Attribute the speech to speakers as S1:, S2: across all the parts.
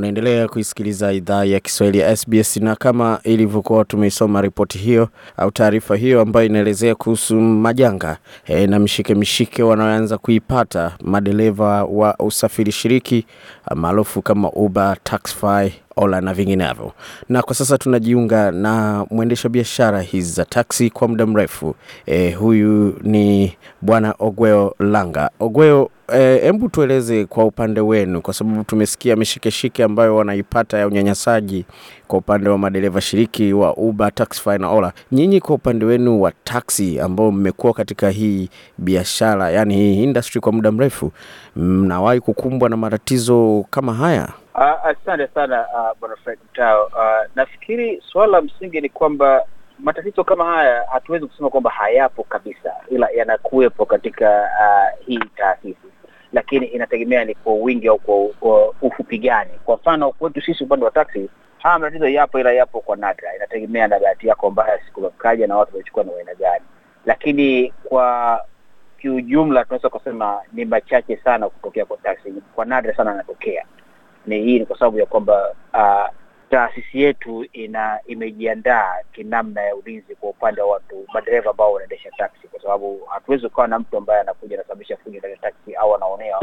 S1: Unaendelea kuisikiliza idhaa ya Kiswahili ya SBS na kama ilivyokuwa tumeisoma ripoti hiyo au taarifa hiyo ambayo inaelezea kuhusu majanga e, na mshike mshike wanaoanza kuipata madereva wa usafiri shiriki maarufu kama Uber, Taxify ola na vinginevyo. Na kwa sasa tunajiunga na mwendesha biashara hizi za taksi kwa muda mrefu e, huyu ni bwana Ogweo Langa. Ogweo, e, hebu tueleze kwa upande wenu, kwa sababu tumesikia mishikeshike ambayo wanaipata ya unyanyasaji kwa upande wa madereva shiriki wa Uber, Taxify na Ola. Nyinyi kwa upande wenu wa taksi ambao mmekuwa katika hii biashara, yani hii industry kwa muda mrefu, mnawahi kukumbwa na matatizo kama haya?
S2: Asante sana uh, bwana Fred Mtao. Uh, nafikiri suala la msingi ni kwamba matatizo kama haya hatuwezi kusema kwamba hayapo kabisa, ila yanakuwepo katika uh, hii taasisi, lakini inategemea ni kwa wingi au kwa, kwa uh, ufupi gani. Kwa mfano kwetu sisi upande wa taksi haya matatizo yapo, ila yapo kwa nadra, inategemea na bahati yako mbaya sikukaja na watu wamechukua na waina gani, lakini kwa kiujumla tunaweza kusema ni machache sana kutokea kwa taksi kwa nadra sana anatokea ni hii ni kwa sababu ya kwamba uh, taasisi yetu ina imejiandaa kinamna ya ulinzi kwa upande wa watu madereva ambao wanaendesha taksi, kwa sababu hatuwezi ukawa na mtu ambaye anakuja anasababisha fujo ndani ya taksi au anaonea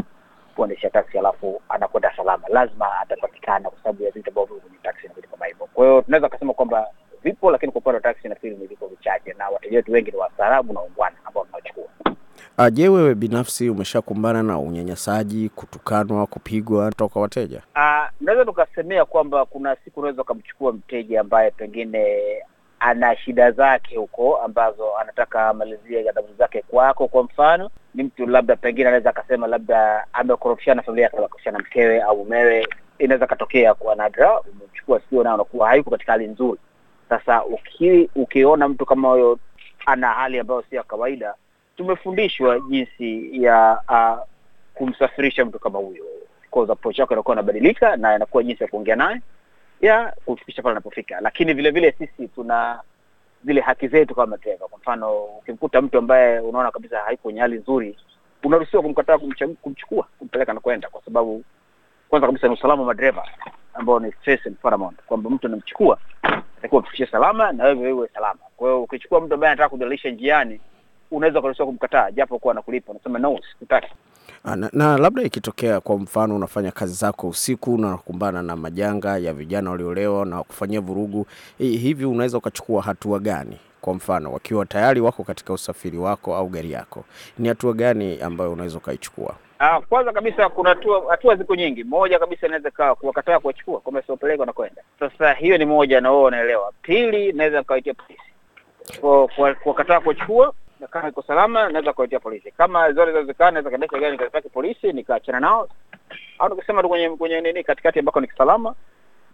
S2: kuendesha taksi alafu anakwenda salama, lazima atapatikana kwa sababu ya vitu ambavyo vio kwenye taksi na vitu kama hivyo. Kwa hiyo tunaweza akasema kwamba vipo, lakini kwa upande wa taksi nafikiri ni vipo vichache, na wateja wetu wengi ni wastaarabu na ungwana.
S1: Ah, je, wewe binafsi umeshakumbana na unyanyasaji, kutukanwa, kupigwa toka wateja?
S2: Ah, naweza tukasemea kwamba kuna siku unaweza ukamchukua mteja ambaye pengine ana shida zake huko ambazo anataka amalizie adhabu zake kwako. Kwa mfano ni mtu labda pengine anaweza akasema labda amekorofishana familia yake, amekorofishana mkewe au mumewe, inaweza akatokea kwa nadra, Umechukua sikio na unakuwa hayuko katika hali nzuri. Sasa uki, ukiona mtu kama huyo ana hali ambayo si ya kawaida tumefundishwa jinsi ya uh, kumsafirisha mtu kama huyo because approach yako inakuwa inabadilika na inakuwa jinsi ya kuongea naye ya kufikisha pale anapofika lakini vile vile sisi tuna zile haki zetu kama madereva kwa mfano ukimkuta mtu ambaye unaona kabisa haiko kwenye hali nzuri unaruhusiwa kumkataa kumchukua kumpeleka na kwenda kwa sababu kwanza kabisa ni usalama wa madereva ambao ni and paramount kwamba mtu anamchukua atakuwa mfikishe salama na wewe wewe salama kwa hiyo ukichukua mtu ambaye anataka kudhalilisha njiani unaweza kuruhusiwa kumkataa japo kuwa anakulipa, unasema no, sikutaki.
S1: Ah, na, na labda ikitokea kwa mfano unafanya kazi zako usiku na unakumbana na majanga ya vijana waliolewa na kufanyia vurugu hivi, unaweza ukachukua hatua gani? Kwa mfano wakiwa tayari wako katika usafiri wako au gari yako, ni hatua gani ambayo unaweza ukaichukua?
S2: Ah, kwanza kabisa kuna hatua hatua ziko nyingi. Moja kabisa inaweza ikawa kuwakataa kuwachukua kwamba na kwenda. Sasa hiyo ni moja na wao wanaelewa. Pili, naweza kawaitia polisi kwa kuwakataa kuwachukua kama iko salama naweza kuletea polisi, kama zote zinawezekana, naweza kaendesha gari nikapaki polisi nikaachana nao, au nikisema tu kwenye kwenye nini katikati ambako ni salama,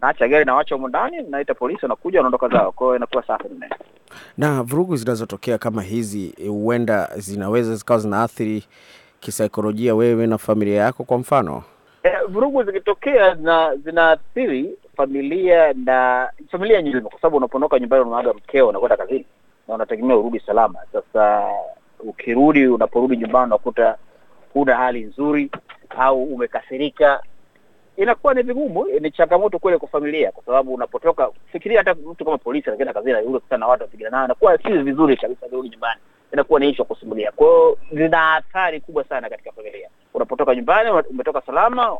S2: naacha gari nawacha humu ndani, naita polisi, wanakuja wanaondoka zao. Kwa hiyo inakuwa safi nne.
S1: Na vurugu zinazotokea kama hizi e, huenda zinaweza zikawa zinaathiri kisaikolojia wewe na familia yako, kwa mfano
S2: eh, vurugu zikitokea zinaathiri familia na familia nzima, kwa sababu unaponoka nyumbani unaaga mkeo unakwenda kazini na unategemea urudi salama. Sasa ukirudi, unaporudi nyumbani unakuta huna hali nzuri au umekasirika, inakuwa ni vigumu, ni changamoto kweli kwa familia, kwa sababu unapotoka, fikiria hata mtu kama polisi anakwenda kazini, yule kutana na watu wapigana nao, inakuwa si vizuri kabisa, kurudi nyumbani inakuwa ni issue kusimulia. Kwa hiyo zina athari kubwa sana katika familia. Unapotoka nyumbani, umetoka salama,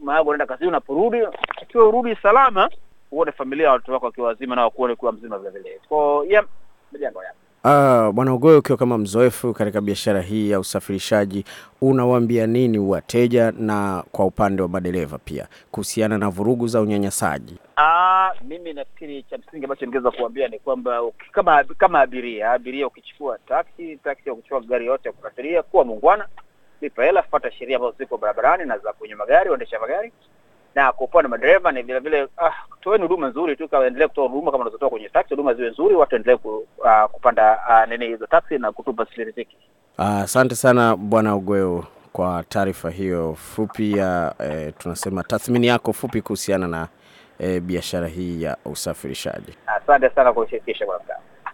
S2: maana unaenda kazini, unaporudi, ikiwa urudi salama, uone familia, watoto wako wakiwa wazima, na wakuone kuwa mzima vile vile. So yeah, malengo
S1: Uh, ah, Bwana Ugoe, ukiwa kama mzoefu katika biashara hii ya usafirishaji, unawaambia nini wateja na kwa upande wa madereva pia kuhusiana na vurugu za unyanyasaji?
S2: Ah, mimi nafikiri cha msingi ambacho ningeweza kuambia ni kwamba kama kama abiria abiria, ukichukua taksi taksi, ukichukua gari yote ya kusafiria, kuwa muungwana, lipa hela, fuata sheria ambazo ziko barabarani na za kwenye magari, uendesha magari na kuopoa na madereva na vile vile, ah, toeni huduma nzuri tu, kaendelee kutoa huduma kama unazotoa kwenye taxi, huduma ziwe nzuri, watu endelee ku, ah, kupanda ah, nini hizo taxi na kutupa riziki.
S1: Ah, asante ah, sana Bwana Ugweo kwa taarifa hiyo fupi ya eh, tunasema tathmini yako fupi kuhusiana na eh, biashara hii ya usafirishaji.
S2: Asante sana kwa kushirikisha kwa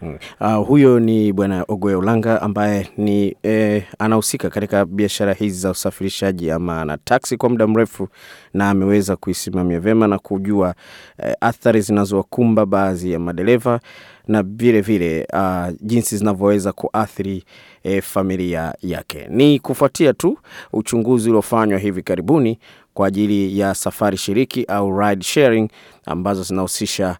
S1: Mm. Uh, huyo ni Bwana Ogwe Ulanga ambaye ni eh, anahusika katika biashara hizi za usafirishaji ama na taksi kwa muda mrefu, na ameweza kuisimamia vyema na kujua eh, athari zinazowakumba baadhi ya madereva na vile vile uh, jinsi zinavyoweza kuathiri eh, familia yake. Ni kufuatia tu uchunguzi uliofanywa hivi karibuni kwa ajili ya safari shiriki au ride sharing ambazo zinahusisha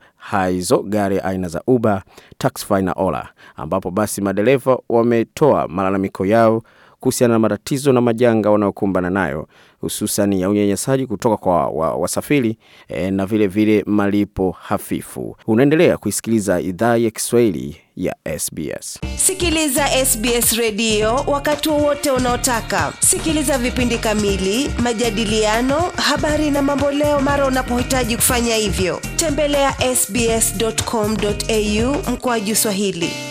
S1: hizo gari aina za Uber, Taxify na Ola, ambapo basi madereva wametoa malalamiko yao kuhusiana na matatizo na majanga wanayokumbana nayo hususan ya unyanyasaji kutoka kwa wasafiri wa e, na vile vile malipo hafifu. Unaendelea kuisikiliza idhaa ya Kiswahili ya SBS.
S2: Sikiliza SBS redio wakati wowote unaotaka. Sikiliza vipindi kamili, majadiliano, habari na mambo leo mara unapohitaji kufanya hivyo. Tembelea sbs.com.au mkoaji Swahili.